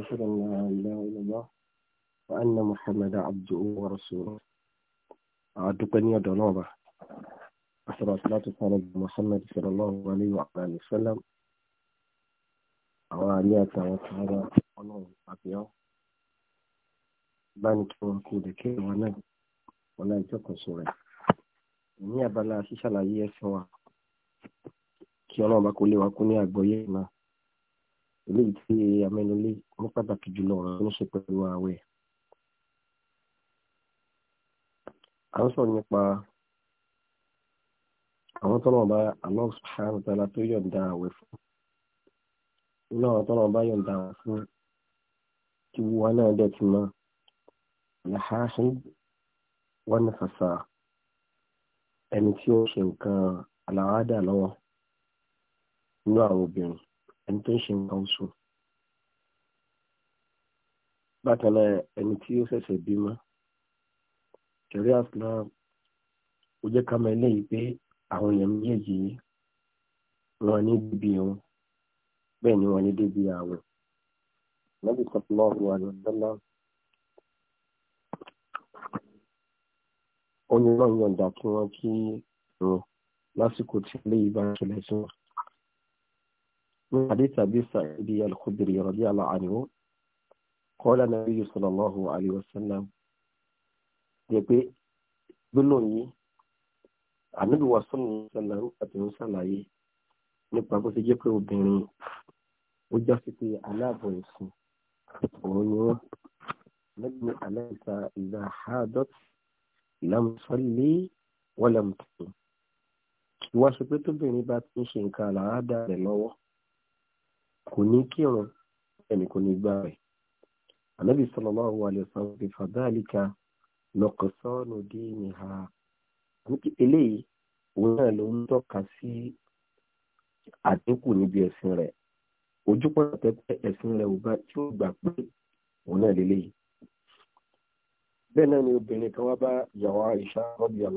أشهد أن لا إله إلا الله وأن محمدا عبده ورسوله أدوكني يا دونوبا أشهد أن لا إله محمد صلى الله عليه وآله وسلم àwọn àlẹ́ àtàwọn tààrà ọlọ́run àbíọ́ bá ní kí wọ́n kú lè kí wọn náà wọn náà jọ́kọ̀ọ́sọ rẹ̀ ní abala ṣíṣàlàyé ẹ̀sìn wa kí ọlọ́run bá kó lé wa kú ní àgbọ́yé náà eléyìí tí amẹ́nulé ní pàtàkì jùlọ ọ̀rọ̀ ní ṣe pẹ̀lú ààwẹ̀. à ń sọ̀rọ̀ nípa àwọn tọ́nà bá Allah subhanahu wa ta'ala tó yọ̀ǹda ààwẹ̀ fún nínú àwọn tọ́nà bá yọ̀ǹda ààwẹ̀ fún tí wọ́n náà dẹ̀ ti mọ́ làhásìn wọn ní fàṣà ẹni tí ó ṣe nǹkan àlàáda lọ́wọ́ nínú àwọn obìnrin ẹni tó ń ṣe nǹkan oṣù bákan náà ẹni tí ó ṣẹ̀ṣẹ̀ bímọ kẹrí àsìlá ó jẹ́ ká mọ eléyìí pé àwọn èèyàn méjèèjì wọn ní bíbí wọn bẹ́ẹ̀ ni wọn ní débi àwọn lọ́bì sallallahu alaihi wasallam ó ní lọ́yọ̀ǹda kí wọ́n kí wọn lásìkò tí eléyìí bá ṣẹlẹ̀ sí wọn. حديث أبي سعيد الخدري رضي الله عنه قال النبي صلى الله عليه وسلم يبي بلوني النبي صلى الله عليه وسلم أتون سلاي nípa bó ṣe jẹ́ pé obìnrin ó já sí pé aláàbọ̀ ẹ̀sìn òun ni wọ́n lẹ́gbẹ̀ẹ́ aláìsà ìlà àádọ́t lámùsọ́lé wọ́lẹ̀mùtò kí wá ṣe pé tóbìnrin bá ti ń ṣe nǹkan àlàáda rẹ̀ lọ́wọ́ kò ní kírun ẹni kò ní rẹ̀ anabi sallallahu alayhi wa sallam fi fadhalika nuqsanu diniha eléyìí òun náà ló ń tọ́ka sí àdínkù níbi ẹ̀sìn rẹ̀ ojú pọ̀n tẹ́tẹ́ ẹ̀sìn rẹ̀ ò bá tí ó gbà pé òun náà bẹ́ẹ̀ náà ni obìnrin kan wá bá ìyàwó wọ́n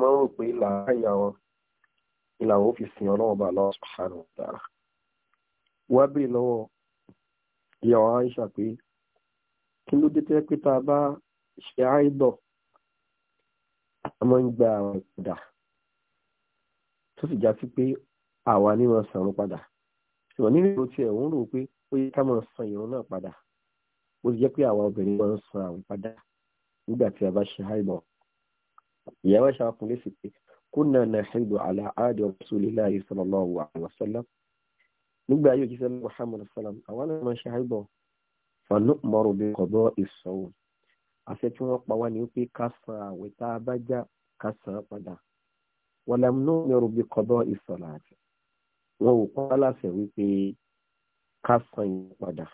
máa làwọn fi sìn ọlọ́run bá lọ́wọ́ subhanahu wa ta'ala. wá bè lọ́wọ́ ìyàwó Aisha pé kí ló dé tẹ́ pé tá a bá ṣe àìdọ̀ a máa ń gba àwọn ìpadà tó sì já sí pé àwa ni wọn san padà ṣùgbọ́n nínú ìrò tiẹ̀ òun rò pé ó yẹ ká máa san ìrún náà padà ó ti jẹ́ pé àwa obìnrin máa ń san àwọn padà nígbà tí a bá ṣe àìdọ̀ ìyàwó Aisha kún lè sì pé kúnà nàṣẹ́dù àlà àádọ́ Rasulullahi sallallahu alaihi wasallam nígbà yóò jíṣẹ́ Muhammad sallam àwọn náà máa ń ṣe àìbọ̀ fanu mọ̀rọ̀ bí kọ̀dọ̀ ìṣòwò àṣẹ tí wọ́n pa wá ní pé ká san àwẹ̀ tá a bá já ká san padà wọ́n làm nù mọ̀rọ̀ bí kọ̀dọ̀ ìṣòwò àti wọn ò pa láṣẹ wípé ká san ìyẹn padà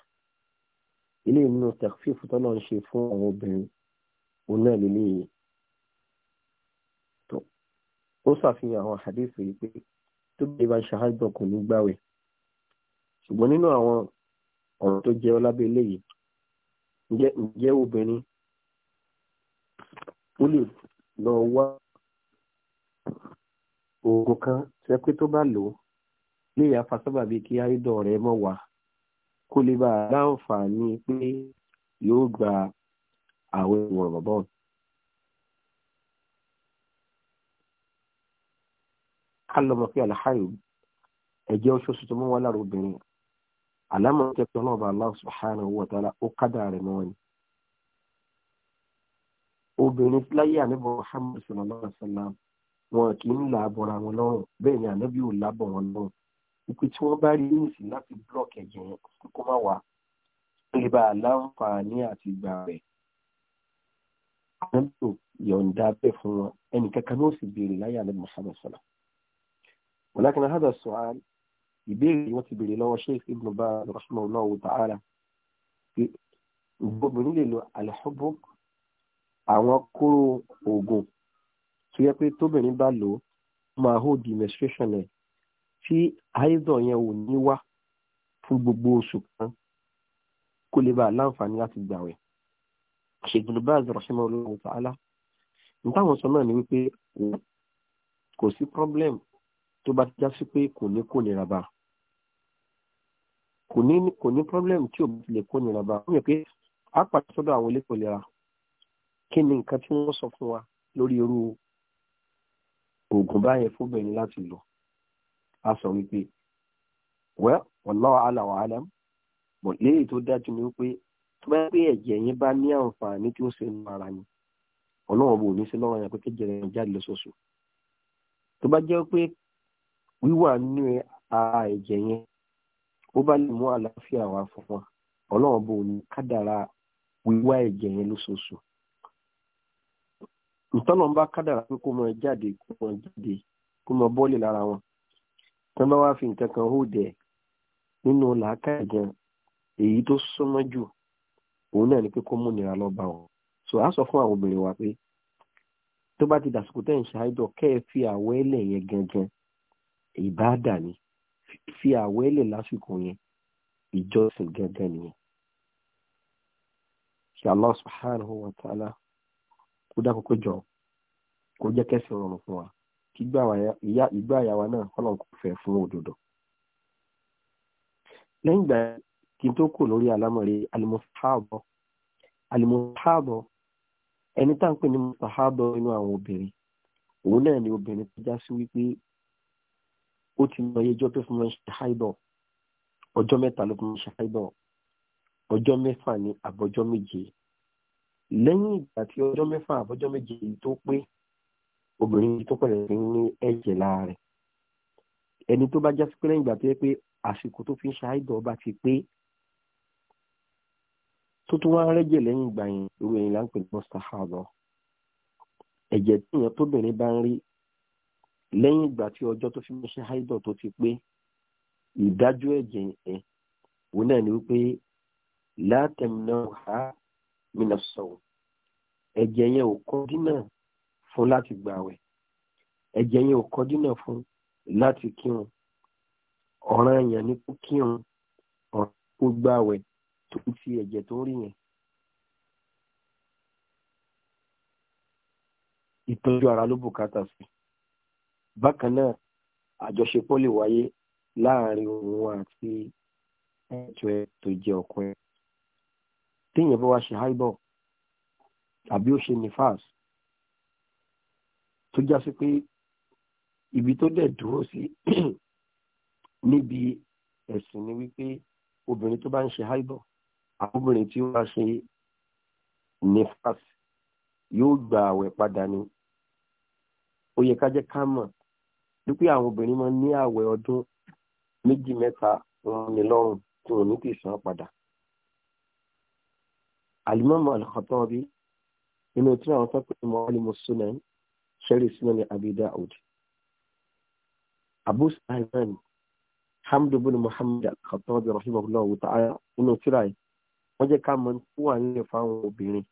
ilé ìnú tẹ̀fífù tọ́lọ́ ń ṣe fún àwọn obìnrin òun náà lélẹ́yìn ó ṣàfihàn àwọn hadith yìí pé tó bẹ̀rẹ̀ bá ń ṣàhádọ̀ kò ní gbàwẹ̀ ṣùgbọ́n nínú àwọn ọ̀rọ̀ tó jẹ́ ọlábẹ́ eléyìí ǹjẹ́ ǹjẹ́ obìnrin ó lè lọ wá oògùn kan ṣe pé tó bá lò ó lè yá fasábà bíi kí áìdọ̀ rẹ̀ mọ̀ wá kó lè bá a láǹfààní pé yóò gba àwọn ìwọ̀n rọ̀bọ̀n ká lọ́mọ pé àlàáyò ẹ̀jẹ̀ oṣooṣù tó mú wá lára obìnrin àlámọ̀ jẹ́ pé ọlọ́ọ̀bà Allah subhanahu wa ta'ala ó kádà rẹ̀ mọ́ wọn. obìnrin láyé ànábọ̀ Muhammad sallallahu alaihi wasallam wọn kì í là bọ̀ra wọn lọ́rùn bẹ́ẹ̀ ni ànábì ò lábọ̀ wọn lọ́rùn ipe tí wọ́n bá rí níìsì láti blọ́ọ̀kì ẹ̀jẹ̀ yẹn kó má wà lè aláǹfààní àti ìgbà rẹ̀ ànábì ò yọ̀ǹda bẹ́ẹ̀ fún wọn ẹnì kankan ní ó sì béèrè láyé ànábì Muhammad ولكن هذا السؤال يبيعي وتبيعي لو شيخ ابن باز رحمه الله تعالى obìnrin lè lo àlẹ́họ́bọ́ àwọn kóró oògùn tó yẹ pé tóbìnrin bá lò ó máa hó di menstruation ẹ̀ tí àìsàn yẹn ò ní wá fún gbogbo oṣù kan kó lè bá láǹfààní láti gbàwẹ̀. ṣègbìlú báàzì rọ̀ṣẹ́mọ́ olóhùn tààlà nítawọn sọ náà ni wípé kò sí problem tó bá já sí pé kò ní kò nira bá kò ní kò ní problem tí o lè kò nira bá ó yẹ pé a pàṣẹ sọ́dọ̀ àwọn elétò ìlera kí ni nǹkan tí wọ́n sọ fún wa lórí irú oògùn báyẹn fóbìnrin láti lò a sọ wípé well wallahu ala wa alam bọ̀ léyìí tó dájú ni wípé tó bá pé ẹ̀jẹ̀ yẹn bá ní àǹfààní tí ó ṣe ń ara ni ọlọ́wọ́n bò ní sí lọ́wọ́ yẹn pé kéjẹrẹ yẹn lọ́sọ̀ọ̀sọ̀ tó bá jẹ́ pé wíwà nínú a ẹ̀jẹ̀ yẹn ó bá lè mú àlàáfíà wá fún wa ọlọ́run bò ní kádàrá wíwá ẹ̀jẹ̀ yẹn lóṣooṣù ìtọ́nà ń bá kádàrá pé kó mọ jáde kó mọ jáde kó mọ bọ́ọ̀lì lára wọn tí wọ́n bá fi nǹkan kan hóòdẹ̀ nínú làákàyè gan èyí tó súnmọ́ jù òun náà ni pé kó nira lọ bá wọn a sọ fún àwọn obìnrin wa pé tó bá ti dàsìkò ń ṣe àìdọ̀ kẹ́ ìbáàdà ni fi àwẹ́lẹ̀ lásìkò yẹn ìjọsìn gẹ́gẹ́ nìyẹn kí Allah subhanahu wa ta'ala kó dákun kó jọ kó jẹ́ kẹ́sìn rọrùn fún wa kí ìgbà àyàwó náà Ọlọ́run kò fẹ́ fún òdodo lẹ́yìn ìgbà kí n tó kù lórí alámọ̀rí alimọ̀sáàbọ̀ alimọ̀sáàbọ̀ ẹni tá à ń pè ní mọ̀sáàbọ̀ inú àwọn obìnrin òun náà ni obìnrin tó já sí wípé ó ti mọ ẹjọ́ tó fún mi ṣe háìdọ̀ ọjọ́ mẹ́ta ló fún mi ṣe háìdọ̀ ọjọ́ mẹ́fà ní àbọ̀jọ́ méje lẹ́yìn ìgbà tí ọjọ́ mẹ́fà àbọ̀jọ́ méje yìí tó pé obìnrin tó pẹ̀lẹ́ fi ń ní ẹ̀jẹ̀ láàrẹ̀ ẹni tó bá já sí pé lẹ́yìn ìgbà tó yẹ pé àsìkò tó fi ń ṣe bá ti pé tó tún wá rẹ́jẹ̀ lẹ́yìn ìgbà yẹn irú ẹ̀yìn là ń ẹ̀jẹ̀ tí èèyàn tóbìnrin bá ń rí lẹ́yìn ìgbà tí ọjọ́ tó fi ń haidọ̀ tó ti pé ìdájọ́ ẹ̀jẹ̀ ẹ̀ òun náà ni wípé látẹ̀mínà ha mìíràn sọ̀rọ̀ ẹ̀jẹ̀ yẹn ò kọ́ dínà fún láti gbààwẹ̀ ẹ̀jẹ̀ yẹn ò kọ́ dínà fún láti kírun ọ̀ràn èèyàn ní kó kírun ọ̀ràn kó gbààwẹ̀ tó ti ẹ̀jẹ̀ tó rí yẹn. ìtọ́jú ara ló bùkátà sí i. bákan náà àjọṣepọ̀ lè wáyé láàrin òun àti ẹ̀tọ́ ẹ̀ tó jẹ́ ọkọ ẹ̀ téèyàn bá wá ṣe háìbọ̀ tàbí ó ṣe nífàs tó já sí pé ibi tó dẹ̀ dúró sí níbi ẹ̀sìn ni wípé obìnrin tó bá ń ṣe háìbọ̀ àbúbìnrin tí ó bá ṣe nífàs yóò gba àwẹ̀ padà ni ó yẹ wípé àwọn obìnrin máa ń ní àwẹ̀ ọdún méjì mẹ́ta wọn ní lọ́rùn tí wọn ní kì í san padà. alimami al-Khattabi inú tí àwọn tó pè mọ́ alimu sunan sherry sunan abida od. abu saiman hamdu bin muhammad al-Khattabi rahimahullahu ta'ala inú tíra yìí wọ́n jẹ́ ká mọ̀ tó wà nílẹ̀ fáwọn obìnrin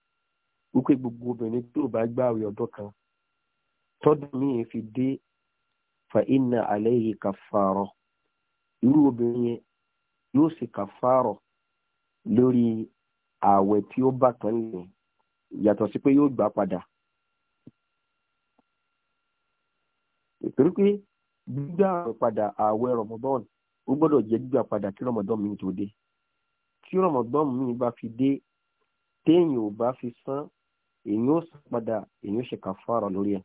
wípé gbogbo obìnrin tí ò bá gbààwẹ̀ ọdún kan tọ́dún míì fi dé fa inna alayhi kafaro, irú obìnrin yẹn yóò sì kàfàrọ̀ lórí ààwẹ̀ tí ó bá tán nìyẹn yàtọ̀ sí pé yóò gbà padà torí pé gbígbà padà ààwẹ̀ Ramadan ó gbọ́dọ̀ jẹ́ gbígbà padà kí Ramadan mi tó dé tí Ramadan mi bá fi dé téèyàn ò bá fi san èyàn ó san padà èyàn ó ṣe kàfàrà lórí ẹ̀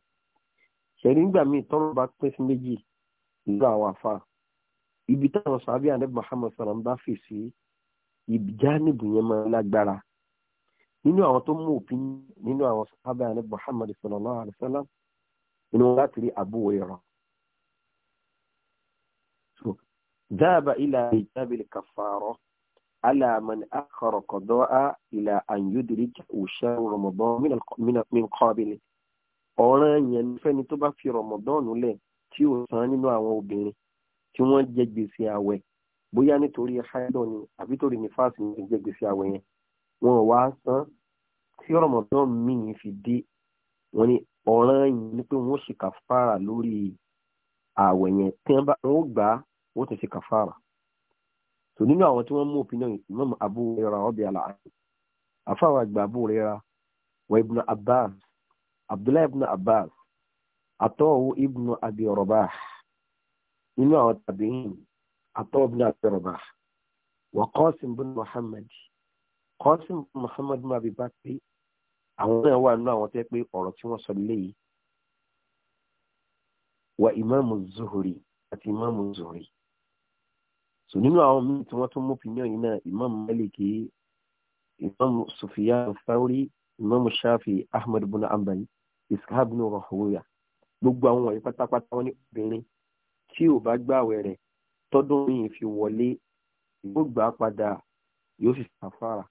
ṣẹ̀rí nígbà míì tọ́rọ̀ bá pín sí méjì ìlú àwọn àfa ibi táwọn sábẹ́ àdébù Muhammad sallam bá fèsì ìjánìbù yẹn máa lágbára nínú àwọn tó mú òfin nínú àwọn sábẹ́ àdébù Muhammad sallallahu alaihi wasallam inú wọn láti rí Abu Hurairah. ذهب إلى إيجاب الكفارة على من أخر قضاء إلى أن يدرك شهر رمضان من من قابله ọ̀ràn yẹn ni fẹ́ni tó bá fi rọ̀mọ̀dọ́ọ̀nù lẹ̀ tí ò san nínú àwọn obìnrin tí wọ́n jẹ gbèsè àwẹ̀ bóyá nítorí haidọ̀ ni àbí torí nífàsì ni jẹ gbèsè àwẹ̀ yẹn wọn ò wá san tí rọ̀mọ̀dọ́ọ̀nù míì fi dé wọn ni ọ̀ràn yẹn ni pé wọ́n ṣe kàfàrà lórí àwẹ̀ yẹn tí wọ́n gbà á wọ́n ti ṣe kàfàrà tò nínú àwọn tí wọ́n mú opinion Imam Abu Hurairah ọ̀bẹ àlàáfíà àfáwà àgbà Abu Hurairah wa Ibn Abbas abdullahi ibn abbas atọ́wò ibn abi rabah nínú àwọn tabi'in atọ́wò ibn abi rabah wa qasim bin muhammad qasim bin muhammad bin abi bakri àwọn náà wà nínú àwọn tẹ́ pé ọ̀rọ̀ tí wọ́n sọ léyìí wa imaamu zuhuri àti imaamu zuhuri so nínú àwọn míì tí wọ́n tún mú opinion yìí náà imam maliki imam sufiyan fawri imam shafi ahmed bin ambali ìsáàbùnú rọ̀húyà gbogbo àwọn wọ̀nyí pátápátá wọn ní obìnrin tí ò bá gbààwẹ̀ rẹ̀ tọ́dún yìí fi wọlé yóò gbà á padà yóò sì sàfàrà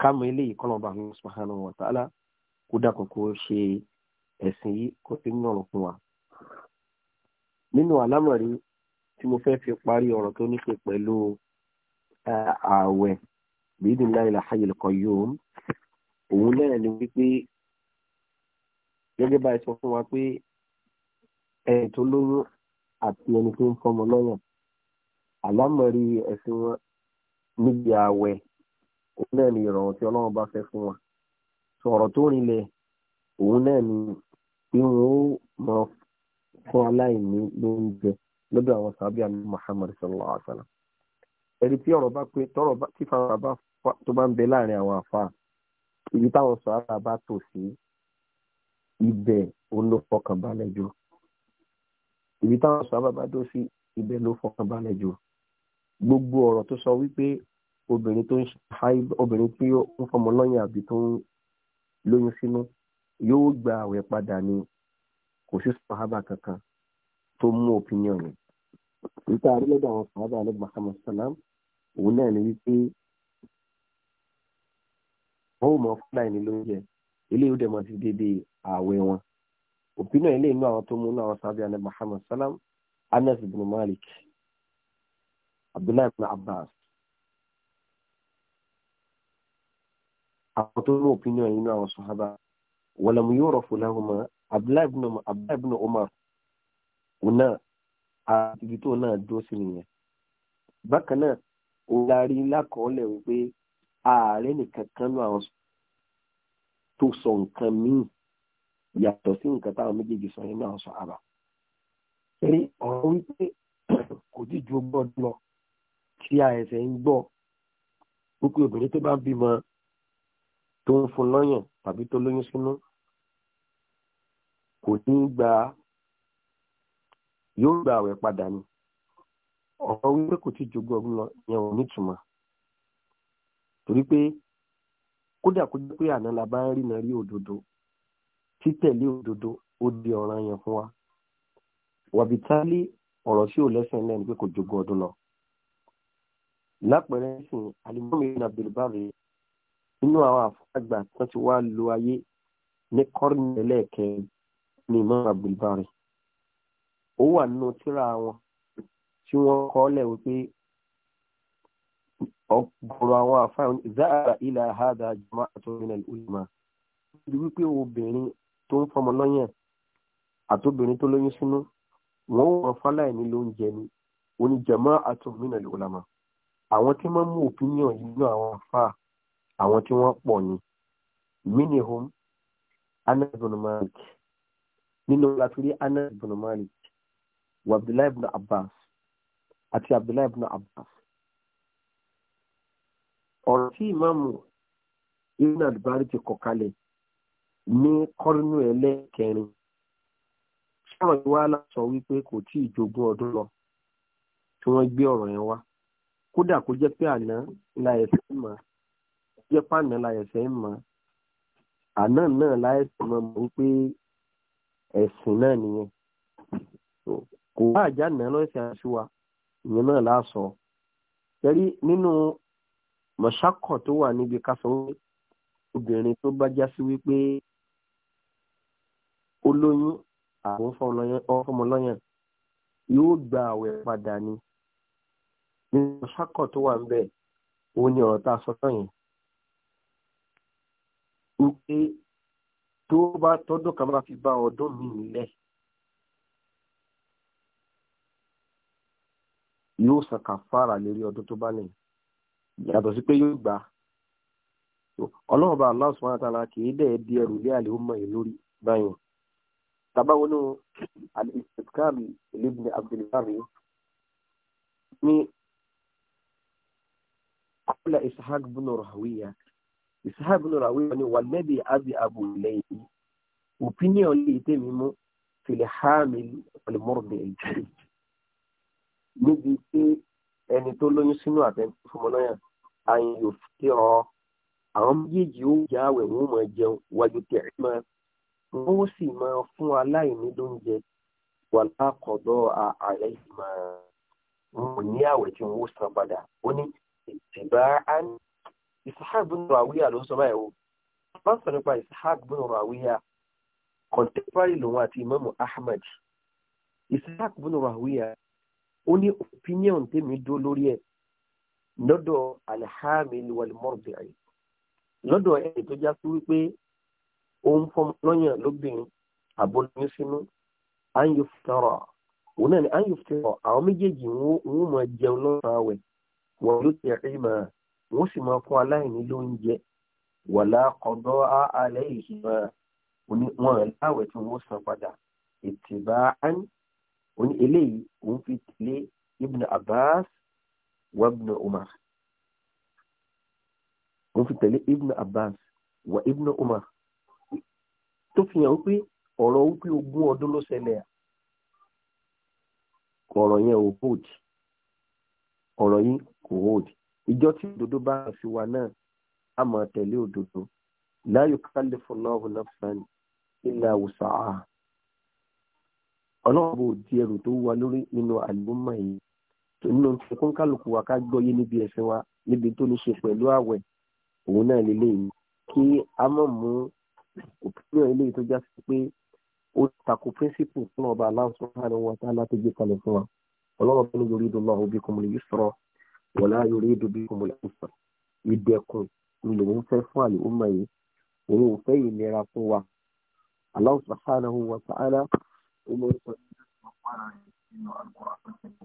káàmù eléyìí kọ́nọ̀bà àwọn subhanahu wa ta'ala kó dàkọ̀ kó ṣe ẹ̀sìn yìí kó fi ń rọrùn fún wa. nínú àlámọ̀rí tí mo fẹ́ fi parí ọ̀rọ̀ tó ní ṣe pẹ̀lú ààwẹ̀ bídìnláìlà hayil qayyum òun náà ni wípé gẹ́gẹ́ báyìí sọ fún wa pé ẹni tó lóyún àti ẹni tó ń fọmọ lọ́yàn àlámọ̀rí ẹ̀sìn wọn níbi ààwẹ̀ òun náà ni ìrọ̀rùn tí ọlọ́run bá fẹ́ fún wa sọ̀rọ̀ tó rinlẹ̀ òun náà ni pé wọn ó mọ fún aláìní lóúnjẹ lọ́dọ̀ àwọn sàbíà ní Muhammad sallallahu alaihi wa sallam ẹni tí ọ̀rọ̀ bá pé tọ́rọ̀ bá tí fara bá tó bá ń bẹ láàrin àwọn àfa ibi táwọn sọ̀rọ̀ bá tò sí ibẹ̀ ó ló fọkàn balẹ̀ jù ibi táwọn sábà bá dó sí ibẹ̀ ló fọkàn balẹ̀ jù gbogbo ọ̀rọ̀ tó sọ wípé obìnrin tó ń ṣáì obìnrin tí ó ń fọmọ lọ́yìn àbí tó ń lóyún sínú yóò gba àwẹ̀ padà ni kò sí sàhábà kankan tó mú opinion rẹ̀ nípa àrílẹ́dọ̀ àwọn sàhábà alẹ́ Muhammad salam òun náà ni wípé wọ́n ò mọ̀ fúláì ní lóúnjẹ eléyìí ó dẹ̀ mọ́ sí déédéé ààwẹ̀ wọn òpin náà eléyìí inú àwọn tó mú inú àwọn sábẹ́ àná Muhammad salam Anas ibn Malik Abdullahi ibn Abbas àwọn tó mú òpin náà inú àwọn sahaba wàlámù yóò rọ̀ fún láwọn ọmọ Abdullahi ibn Umar ọ̀nà àtìgì náà dúró sí nìyẹn bákan náà ó darí lákọọ́lẹ̀ wípé ààrẹ nìkan kan nú àwọn sọ tó sọ nǹkan míì yàtọ̀ sí nǹkan táwọn méjèèjì sọ yẹn náà sọ àbá. ṣé ọ̀rọ̀ wípé kò tí ju ọgbọ́n lọ tí a ẹ̀sẹ̀ ń gbọ́ wípé obìnrin tó bá bímọ tó ń fún lọ́yàn tàbí tó lóyún sínú kò ní gba yóò gba àwẹ̀ padà ni ọ̀rọ̀ wípé kò tí ju ọgbọ́n lọ yẹn ò nítumọ̀ torí pé kódà kó jẹ́ pé àná la bá ń rìnà rí òdodo títẹ̀lé òdodo ó di ọ̀ràn yẹn fún wa wàbítálí ọ̀rọ̀ tí ò lẹ́sẹ̀ náà ni pé kò jogún ọdún lọ lápẹẹrẹ sìn alimami abdulbari nínú àwọn àfọwọ́gbà tó ti wá lo ayé ní kọ́rin ní imam abdulbari ó wà nínú tírà wọn tí wọ́n kọ́ lẹ̀ wípé ọ̀gọ̀rọ̀ àwọn àfáà záàrà ilà àhádà jama àtọ́rin al-ulama ibi wípé obìnrin tó ń fọmọ lọ́yàn àtobìnrin tó lóyún sínú wọn ò wọn fáláì ní ló ń jẹ ni òní jama àtọ́rin al-ulama àwọn tí wọ́n mú opinion yìí nínú àwọn àfáà àwọn tí wọ́n pọ̀ ni minihum anas bin malik nínú látúrí anas bin malik bin abbas àti abdullahi bin abbas ọ̀rọ̀ tí ìmáàmù ibn adubari ti kọ̀ kalẹ̀ ní kọ́rínú ẹlẹ́kẹrin sọ̀rọ̀ yìí wá láṣọ wípé kò tí ì jogún ọdún lọ tí wọ́n gbé ọ̀rọ̀ yẹn wá kódà kó jẹ́ pé àná la ẹ̀sẹ̀ mọ̀ jẹ́ pàná la ẹ̀sẹ̀ mọ̀ àná náà la ẹ̀sẹ̀ mọ̀ mọ̀ wípé ẹ̀sìn náà nìyẹn kò wá àjànà lọ́sẹ̀ àṣùwà ìyẹn náà láṣọ mọ̀ṣákọ̀ tó wà níbi ká sọ obìnrin tó bá já sí wípé olóyún àwọn fọmọlọ́yàn yóò gba àwẹ̀ padà ni nínú mọ̀ṣákọ̀ tó wà níbẹ̀ òun ni ọ̀rọ̀ tá a sọ tán yẹn wípé tó bá tọ́dún kan bá fi bá ọdún mi nílẹ̀ yóò sàkàfàrà lérí ọdún tó bá lẹ́yìn yàtọ̀ sí pé yóò gbà ọlọ́run bá Allah subhanahu wa ta'ala kì í dẹ̀ di ẹrù lé àlè ọmọ yìí lórí báyìí tabawo ní al-Istidkari ibn Abdul Barri ní kọ́lá Ishaq ibn Rahawiya Ishaq ibn Rahawiya ní wàlẹ́bí abi abu lẹ́yìn opinion lè tẹ̀mí mú fìlẹ̀ hamil ọ̀lẹ́mọ́rọ̀dẹ̀ ẹ̀jẹ̀ níbi pé ẹni tó lóyún sínú àtẹ̀fọ́mọlọ́yàn àyìnbó fi ọ àwọn méjèèjì ó yá àwẹ̀ wọn ó máa jẹun wájú tẹ̀rí máa wọn ó sì máa fún aláìní lóúnjẹ wà lákọ̀ọ́dọ̀ ààrẹ yìí máa wọn ò ní àwẹ̀ tí wọn ó san padà ó ní ìtìbá àní Ishaq bin Rawiya ló sọ báyìí o bá sọ nípa Ishaq bin Rawiya contemporary lòun àti Imamu Ahmad Ishaq bin Rawiya ó ní opinion tèmi dó lórí ẹ̀ lọ́dọ̀ alhamil walmọ́rùbìrì lọ́dọ̀ ẹni tó já sí wípé òun fọmọ lọ́yàn lóbìnrin àbólóyún sínú anyufutara òun náà ni anyufutara àwọn méjèèjì wọn máa jẹun lọ́sàn àwẹ̀ wọn ló ti rí mà wọn sì máa fún aláìní lóúnjẹ wàlá kọ̀dọ̀ alẹ́ ìṣúná wọn láwẹ̀ tí wọ́n san padà ìtìbá án òun eléyìí òun fi tẹ̀lé Ibn Abbas وابن عمر wọ́n fi tẹ̀lé ibn abbas wa ibn umar tó fi hàn wípé ọ̀rọ̀ ọ̀rọ̀ yẹn ò hold ọ̀rọ̀ yìí kò hold ìjọ tí òdodo bá fi wà náà a máa tẹ̀lé òdodo la yukallifu na nafsan illa wùsàá ọlọ́run bò tó wà torí ló ń fi kún kálukú wa ká gbọ́yé níbi ẹ̀sìn wa níbi tó ní ṣe pẹ̀lú àwẹ̀ òun náà lélẹ́yìí kí a mọ̀ mú òpínlẹ̀ eléyìí tó já sí pé ó takò píríncípù fún ọba Allah subhanahu wa ta'ala tó gbé kalẹ̀ fún wa ọlọ́run tó ní yuridu Allahu bikumul yusra wala yuridu bikumul usra ìdẹ̀kùn ni lòun fẹ́ fún àlùmọ yìí òun ò fẹ́ ìnira fún wa Allah subhanahu wa ta'ala ó mọ sọ nínú àgbára nínú àgbára tó ti kù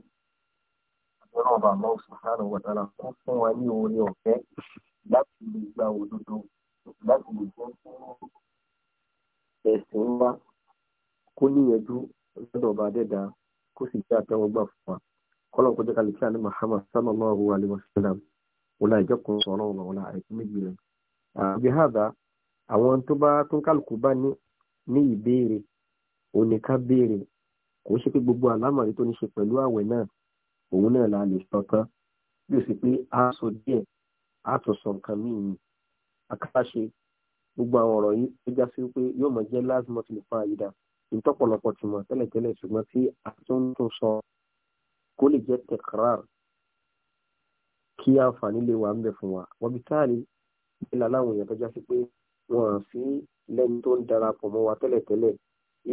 ọlọ́run bá mọ́ sùkánù wọ̀tálà kó fún wa ní oore ọ̀fẹ́ láti lè gba òdodo láti lè jẹ́ ẹ̀sìn wa kó níyànjú lọ́dọ̀ ọba adẹ́dá kó sì jẹ́ àtẹ́wọ́gbà fún wa kọ́lọ̀ kó jẹ́ kálí kí àní Muhammad sallallahu alayhi wa sallam wọlé ìjọkùn sọ̀rọ̀ wọn wọn àìsí méjì rẹ̀. àbí hàdà àwọn tó bá tún kálukú bá ní ní ìbéèrè òní ká béèrè kò ṣe pé gbogbo àlámọ̀rí tó ní ṣe pẹ̀lú àwẹ̀ náà òun náà la lè sọ tán bí ó sì pé a sọ díẹ̀ a tún sọ nǹkan míì ni àkàṣe gbogbo àwọn ọ̀rọ̀ yìí tó já sí pé yóò mọ̀ jẹ́ last month lè fún àyídà ìtọ́pọ̀lọpọ̀ ti mọ̀ tẹ́lẹ̀tẹ́lẹ̀ ṣùgbọ́n tí a tún tún sọ kó lè jẹ́ tẹ̀krar kí àǹfààní lè wà ń bẹ̀ fún wa wọ́n bí táàrí ìlà láwọn èèyàn tó já sí pé wọ́n à sí lẹ́ni tó ń darapọ̀ mọ́ wa tẹ́lẹ̀tẹ́lẹ̀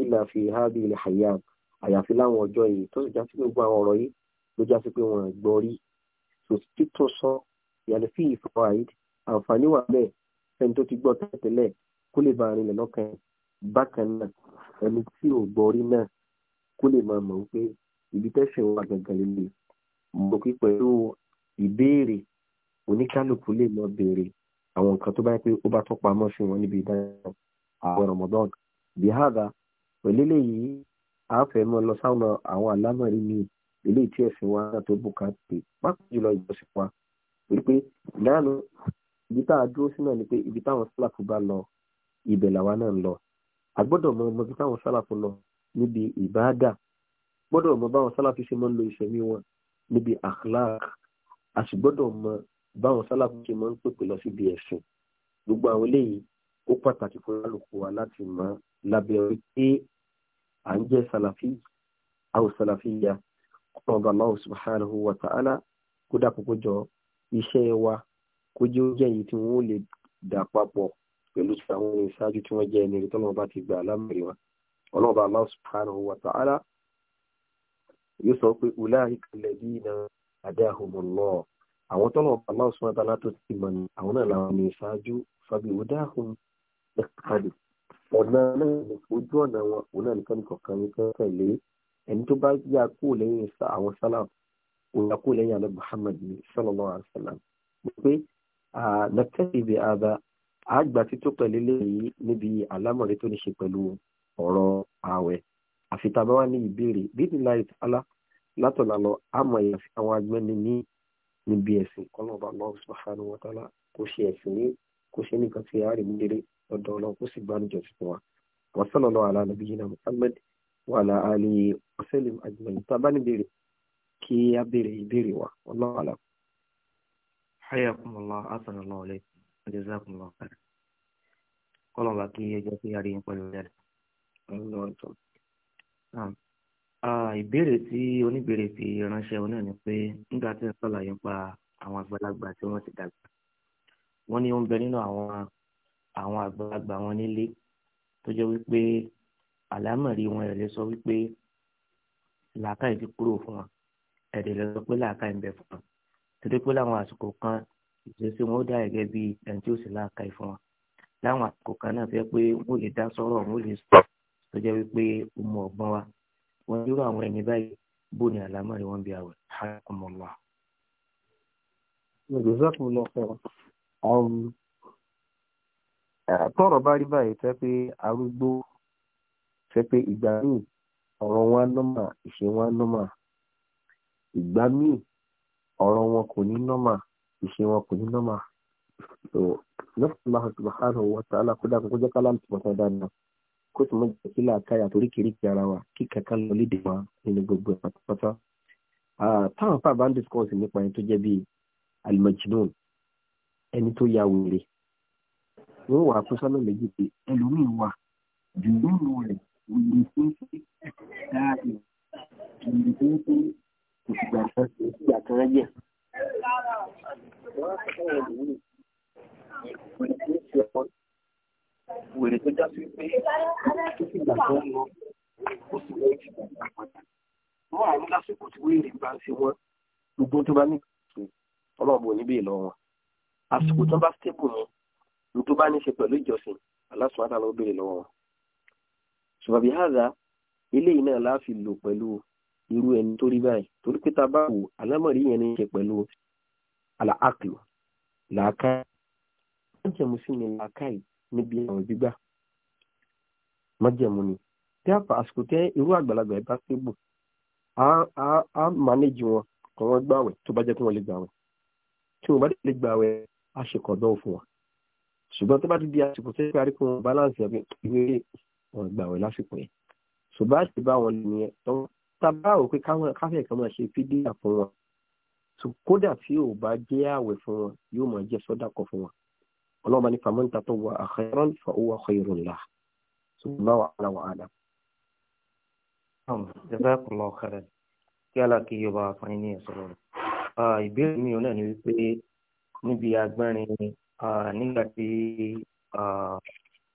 ìlà fi hábì àyà àyàfi láwọn ọjọ́ yìí tó sì já sí gbogbo àwọn ọ̀rọ̀ yìí ló já sí pé wọn gbọ́ rí so títún sọ ìyàlẹ́ sí ìfọ̀ àìd àǹfààní wà bẹ́ẹ̀ fẹ́ni tó ti gbọ́ tẹ́tẹ́lẹ̀ kó lè bá rinlẹ̀ lọ́kàn bákan náà ẹni tí ò gbọ́ rí náà kó lè máa mọ̀ wípé ibi tẹ́sán wà gangan lélẹ̀ mo kí pẹ̀lú ìbéèrè oníkálukú lè lọ béèrè àwọn nǹkan tó bá yẹ pé ó bá tó pamọ́ sí wọn níbi ìdájọ́ àwọn Ramadan bihada pẹ̀lú eléyìí àáfẹ́ mọ́ lọ sáwọn àwọn alámọ̀rí míì ilé tí ẹ̀sìn wa tó bùkà pé pápá jùlọ ìjọsìn wa wípé ìdáná ibi tá a dúró sí náà ni pé ibi táwọn sálàfù bá lọ ibẹ̀ làwa náà ń lọ a gbọ́dọ̀ mọ ọmọ ibi táwọn sálàfù lọ níbi ìbáàdà gbọ́dọ̀ mọ báwọn sálàfù ṣe máa ń lo ìṣẹ̀mí wọn níbi akhlaq a sì gbọ́dọ̀ mọ báwọn sálàfù ṣe máa ń pèpè lọ síbi ẹ̀sìn gbogbo àwọn eléyìí ó pàtàkì fún alùpùpù wa láti mọ lábẹ́ orí pé à ń jẹ́ sàlàfí àwòsàlàfíyà ọba Allah subhanahu wa ta'ala kó dàpọ̀ kó jọ iṣẹ́ wa kó jẹ́ oúnjẹ yìí tí wọ́n lè dà papọ̀ pẹ̀lú ti àwọn ohun ìṣáájú tí wọ́n jẹ́ ẹni rí tọ́nà ọba ti gbà lámìrí wa ọlọ́ọ̀bà Allah subhanahu wa ta'ala yóò sọ pé ulaika alladhina hadahumullah àwọn tọ́nà ọba Allah subhanahu wa ta'ala tó ti mọ̀ ní àwọn náà làwọn ní ìṣáájú fabi hudahum ẹ̀ka ọ̀nà náà ojú ọ̀nà wọn òun náà nìkan nìkan kan ní ẹni tó bá yà kúrò lẹ́yìn àwọn sálàm kò yà kúrò lẹ́yìn alẹ́ Muhammad ní sallallahu alaihi wasallam pé nàtẹ́lì bí ada àgbà títún pẹ̀lú eléyìí níbi àlámọ̀rí tó ní ṣe pẹ̀lú ọ̀rọ̀ ààwẹ̀ àfitàbá wa ní ìbéèrè bíbí láì tálá látọ̀lá lọ àmọ̀ ìyàfi àwọn agbẹ́ni ní níbi ẹ̀sìn kọ́lọ́ọ̀bà lọ́wọ́ subhanahu wa kò ṣe ẹ̀sìn ní kò ṣe nìkan tí a rí mú délé ọ̀dọ̀ ọlọ́run kó sì gbánijọ́ sí wa wàsálọ̀lọ́ àlá nàbíyí náà Muhammad wàhálà àlè ọ̀sẹ̀lẹ̀ àjùmọ̀yìn tá a bá ní béèrè kí a béèrè ìbéèrè wa ọlọ́wàlà. hayakumullah asanallahu alaykum jazakumullahu khair kọlọ̀ bá kí ẹjọ́ kí a rí yín pẹ̀lú rẹ̀. ìbéèrè tí oníbèrè fi ránṣẹ́ oní ni pé nígbà tí ń sọ̀làyé pa àwọn àgbàlagbà tí wọ́n ti dàgbà wọ́n ní ó ń bẹ nínú àwọn àwọn àgbàlagbà wọn nílé tó jẹ́ wípé àlámọ̀rí wọn ẹ̀ lè sọ wípé làákàyè ti kúrò fún wọn ẹ̀ lè lọ pé làákàyè ń bẹ fún wọn torí pé láwọn àsìkò kan ìṣesí wọn ó dà gẹ́gẹ́ bí ẹni tí ó sì làákàyè fún wọn láwọn àsìkò kan náà fẹ́ pé wọ́n lè dá sọ́rọ̀ wọ́n lè sọ tó jẹ́ wípé ó mú wa wọ́n dúró àwọn ẹni báyìí bó ni àlámọ̀rí wọn bí àwẹ̀ ṣàkómọ́lá. Um, tọ́rọ̀ bá rí báyìí tẹ́ pé arúgbó fẹ́ pé ìgbà míì ọ̀rọ̀ wọn nọ́mà ìṣe wọn nọ́mà ìgbà míì ọ̀rọ̀ wọn kò ní nọ́mà ìṣe wọn kò ní nọ́mà so lọ́sọ̀lá subhanahu wa ta'ala kó dákun kó jẹ́ ká láǹtì pọ̀tán dáadáa kó sì mọ jẹ́ kí làákàyà torí kìrìkì ara wa kí kankan lọ lédè wa nínú gbogbo ẹ̀ pátápátá táwọn fáàbà ń discourse nípa ẹni tó jẹ́ bíi alimajinun ẹni tó ya wèrè wọ́n wà fún sánà méjì pé ẹlòmíì wà jù nínú rẹ̀ wèrè tó já sí pé tó sì gbà tó ń lọ ó sì lọ ìtì gbàgbà padà wọn àní lásìkò tí wèrè bá ń ṣe wọn gbogbo tó bá ní ìpè ọlọ́ọ̀bù níbí ìlọ wọn àsìkò tó bá stable ni ní tó bá ní ṣe pẹ̀lú ìjọsìn aláṣọ àdàlọ́ béèrè lọ́wọ́ wọn ṣùgbọ́n bí hàdà eléyìí náà la fi lò pẹ̀lú irú ẹni tó rí báyìí torí pé tá a bá wò alámọ̀rí yẹn ní ṣe pẹ̀lú àlàákìlù làákàyè májẹ̀mú sí ni làákàyè níbi àwọn gbígbà májẹ̀mú ni tí àpá àsìkò tẹ irú àgbàlagbà ẹ bá stable á á á manage wọn kọ wọn gbàwẹ̀ tó bá jẹ́ kí wọ́n lè gbàwẹ̀ tí wọ́n bá lè gbàwẹ̀ á ṣe kọ̀dọ̀ fún wọn ṣùgbọ́n tó bá ti di àsìkò tẹ́ kárí kí wọ́n balance ẹ̀ ìwé wọn gbà wẹ̀ lásìkò yẹn ṣùgbọ́n àti bá wọn nìyẹn tó tábà rò pé káfíẹ̀ kan máa ṣe fídíà fún wọn kódà tí ò bá jẹ́ àwẹ̀ fún wọn yóò máa jẹ́ sọ́dà kọ̀ fún wọn ọlọ́run bá ní faman tatawwa'a khairan fa huwa khairun lah ṣùgbọ́n wà á wà á dà. jazakallahu khairan kí aláàkí yóò bá fani ní ẹ̀sọ́ lọ́rọ̀ ìbéèrè mi ò náà ni wípé níbi agbẹ́rin nígbà tí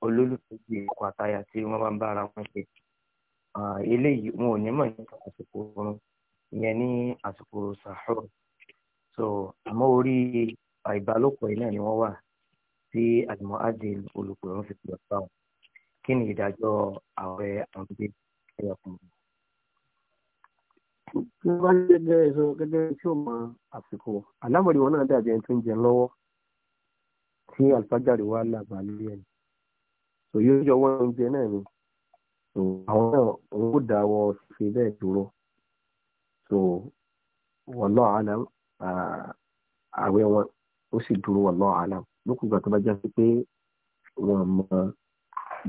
olólùfẹ́ bíi ọkọ àtaya tí wọ́n bá ń bára wọn ṣe eléyìí wọn ò ní mọ̀ ní àsìkò oorun ìyẹn ní àsìkò sahur so àmọ́ orí ìbálòpọ̀ yìí ni wọ́n wà tí àdìmọ́ adìl olùpẹ̀ wọn fi pè ọ́ báwọn kí ni ìdájọ́ ààrẹ àwọn bíi ẹ̀yọ̀ kan. tí wọ́n bá ṣe gẹ́gẹ́ sọ gẹ́gẹ́ tí ó mọ àsìkò àlámọ̀rí náà dàbí ẹni tó ń jẹun lọ́wọ́ tí alifájàre wa là bàálẹ̀ ẹni òye yọwọ́ oúnjẹ náà ni àwọn náà òun ó dá wọn ṣe bẹ́ẹ̀ dúró so wallahu alam ààwẹ̀ wọn ó sì dúró wallahu alam lókùn ìgbà tó bá jásí pé wọn mọ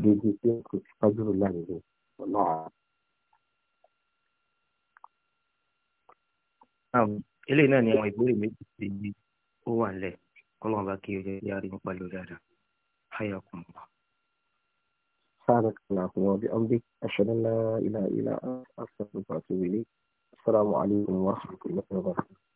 déédéé pé kò sí fájúrò láàrin wallahu alam. eléyìí náà ni àwọn ìbéèrè méjì tí ó wà nílẹ̀ kọ́lọ́mọba kí o jẹ́ kí a rí nípa سبحانك اللهم وبحمدك أشهد أن لا إله إلا أنت أستغفرك وأتوب إليك السلام عليكم ورحمة الله وبركاته